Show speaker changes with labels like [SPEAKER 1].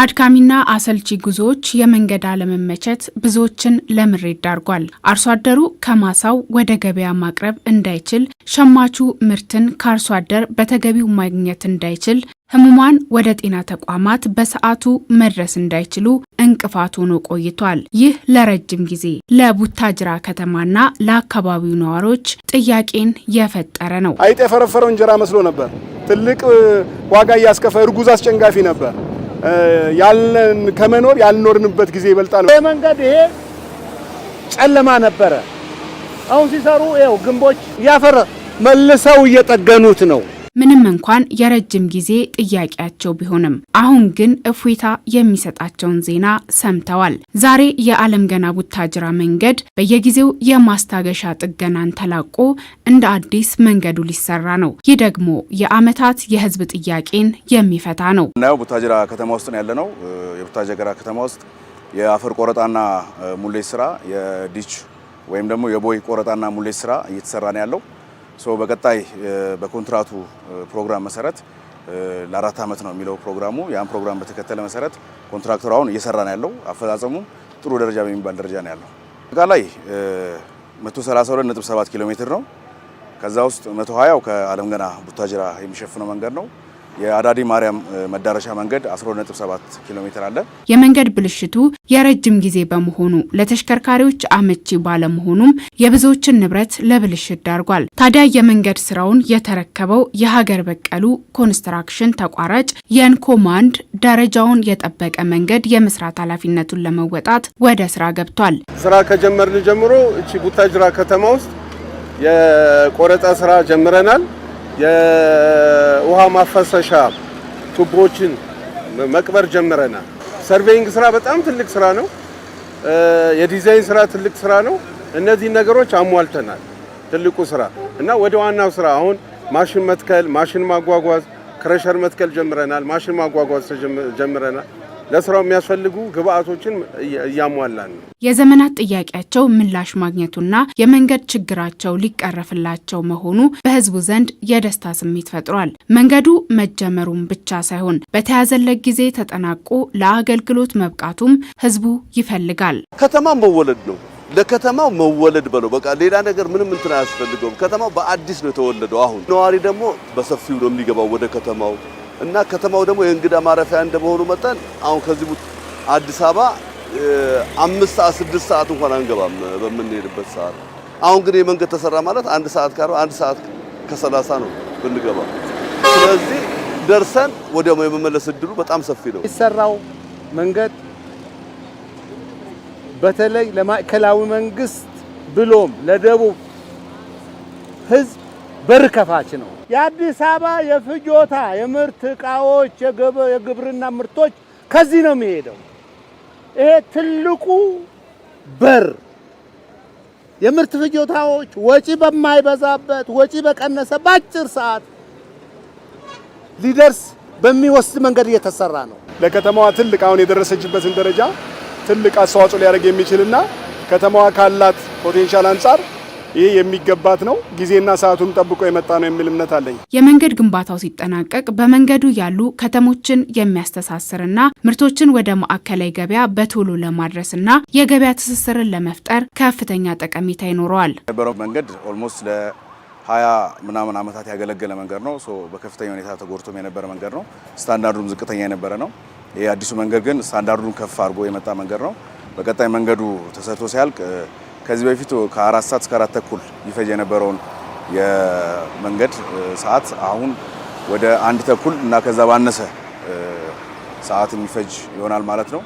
[SPEAKER 1] አድካሚና አሰልቺ ጉዞዎች፣ የመንገድ አለመመቸት ብዙዎችን ለምሬት ዳርጓል። አርሶ አደሩ ከማሳው ወደ ገበያ ማቅረብ እንዳይችል፣ ሸማቹ ምርትን ከአርሶ አደር በተገቢው ማግኘት እንዳይችል፣ ህሙማን ወደ ጤና ተቋማት በሰዓቱ መድረስ እንዳይችሉ እንቅፋት ሆኖ ቆይቷል። ይህ ለረጅም ጊዜ ለቡታጅራ ከተማና ለአካባቢው ነዋሪዎች ጥያቄን የፈጠረ ነው።
[SPEAKER 2] አይጥ የፈረፈረው እንጀራ መስሎ ነበር። ትልቅ ዋጋ እያስከፈ እርጉዝ አስጨንጋፊ ነበር። ያለን ከመኖር ያልኖርንበት ጊዜ ይበልጣል። ይሄ መንገድ ይሄ ጨለማ ነበረ። አሁን ሲሰሩ ይኸው ግንቦች
[SPEAKER 1] እያፈረ መልሰው እየጠገኑት ነው። ምንም እንኳን የረጅም ጊዜ ጥያቄያቸው ቢሆንም አሁን ግን እፎይታ የሚሰጣቸውን ዜና ሰምተዋል። ዛሬ የአለም ገና ቡታጅራ መንገድ በየጊዜው የማስታገሻ ጥገናን ተላቆ እንደ አዲስ መንገዱ ሊሰራ ነው። ይህ ደግሞ የአመታት የህዝብ ጥያቄን የሚፈታ ነው።
[SPEAKER 3] እናየው ቡታጅራ ከተማ ውስጥ ነው ያለነው። የቡታጅራ ከተማ ውስጥ የአፈር ቆረጣና ሙሌት ስራ የዲች ወይም ደግሞ የቦይ ቆረጣና ሙሌት ስራ እየተሰራ ነው ያለው። በቀጣይ በኮንትራቱ ፕሮግራም መሰረት ለአራት ዓመት ነው የሚለው ፕሮግራሙ። ያን ፕሮግራም በተከተለ መሰረት ኮንትራክተሩ አሁን እየሰራ ነው ያለው። አፈጻጸሙ ጥሩ ደረጃ በሚባል ደረጃ ነው ያለው። አጠቃላይ 132.7 ኪሎ ሜትር ነው። ከዛ ውስጥ 120ው ከአለም ገና ቡታጅራ የሚሸፍነው መንገድ ነው። የአዳዲ ማርያም መዳረሻ መንገድ 17 ኪሎ ሜትር አለ።
[SPEAKER 1] የመንገድ ብልሽቱ የረጅም ጊዜ በመሆኑ ለተሽከርካሪዎች አመቺ ባለመሆኑም የብዙዎችን ንብረት ለብልሽት ዳርጓል። ታዲያ የመንገድ ስራውን የተረከበው የሀገር በቀሉ ኮንስትራክሽን ተቋራጭ የንኮማንድ ደረጃውን የጠበቀ መንገድ የመስራት ኃላፊነቱን ለመወጣት ወደ ስራ ገብቷል።
[SPEAKER 4] ስራ ከጀመርን ጀምሮ እቺ ቡታጅራ ከተማ ውስጥ የቆረጣ ስራ ጀምረናል። የውሃ ማፈሰሻ ቱቦችን መቅበር ጀምረናል። ሰርቬይንግ ስራ በጣም ትልቅ ስራ ነው። የዲዛይን ስራ ትልቅ ስራ ነው። እነዚህ ነገሮች አሟልተናል። ትልቁ ስራ እና ወደ ዋናው ስራ አሁን ማሽን መትከል፣ ማሽን ማጓጓዝ፣ ክረሸር መትከል ጀምረናል። ማሽን ማጓጓዝ ጀምረናል። ለስራው የሚያስፈልጉ ግብአቶችን እያሟላን ነው።
[SPEAKER 1] የዘመናት ጥያቄያቸው ምላሽ ማግኘቱና የመንገድ ችግራቸው ሊቀረፍላቸው መሆኑ በህዝቡ ዘንድ የደስታ ስሜት ፈጥሯል። መንገዱ መጀመሩም ብቻ ሳይሆን በተያዘለት ጊዜ ተጠናቆ ለአገልግሎት መብቃቱም ህዝቡ ይፈልጋል።
[SPEAKER 5] ከተማ መወለድ ነው። ለከተማው መወለድ በለው በቃ ሌላ ነገር ምንም እንትን አያስፈልገውም። ከተማው በአዲስ ነው የተወለደው። አሁን ነዋሪ ደግሞ በሰፊው ነው የሚገባው ወደ ከተማው እና ከተማው ደግሞ የእንግዳ ማረፊያ እንደመሆኑ መጠን አሁን ከዚህ አዲስ አበባ አምስት ሰዓት ስድስት ሰዓት እንኳን አንገባም በምንሄድበት ሰዓት። አሁን ግን የመንገድ ተሰራ ማለት አንድ ሰዓት ካለው አንድ ሰዓት ከሰላሳ ነው ብንገባ። ስለዚህ ደርሰን ወዲያው የመመለስ እድሉ በጣም ሰፊ ነው።
[SPEAKER 2] የሚሰራው መንገድ በተለይ ለማዕከላዊ መንግስት ብሎም ለደቡብ ህዝብ በር ከፋች ነው። የአዲስ አበባ የፍጆታ የምርት እቃዎች፣ የግብርና ምርቶች ከዚህ ነው የሚሄደው። ይሄ ትልቁ በር የምርት ፍጆታዎች ወጪ በማይበዛበት ወጪ በቀነሰ በአጭር ሰዓት ሊደርስ በሚወስድ መንገድ እየተሰራ ነው። ለከተማዋ ትልቅ አሁን የደረሰችበትን ደረጃ ትልቅ አስተዋጽኦ ሊያደርግ የሚችልና ከተማዋ ካላት ፖቴንሻል አንጻር ይህ የሚገባት ነው፣ ጊዜና ሰዓቱን ጠብቆ የመጣ ነው የሚል እምነት አለኝ።
[SPEAKER 1] የመንገድ ግንባታው ሲጠናቀቅ በመንገዱ ያሉ ከተሞችን የሚያስተሳስርና ምርቶችን ወደ ማዕከላዊ ገበያ በቶሎ ለማድረስና የገበያ ትስስርን ለመፍጠር ከፍተኛ ጠቀሜታ ይኖረዋል።
[SPEAKER 3] የነበረው መንገድ ኦልሞስት 20 ምናምን ዓመታት ያገለገለ መንገድ ነው። በከፍተኛ ሁኔታ ተጎድቶም የነበረ መንገድ ነው። ስታንዳርዱም ዝቅተኛ የነበረ ነው። ይህ አዲሱ መንገድ ግን ስታንዳርዱን ከፍ አድርጎ የመጣ መንገድ ነው። በቀጣይ መንገዱ ተሰርቶ ሲያልቅ ከዚህ በፊት ከአራት ሰዓት እስከ አራት ተኩል ይፈጅ የነበረውን የመንገድ ሰዓት አሁን ወደ አንድ ተኩል እና ከዛ ባነሰ ሰዓት የሚፈጅ ይሆናል ማለት ነው።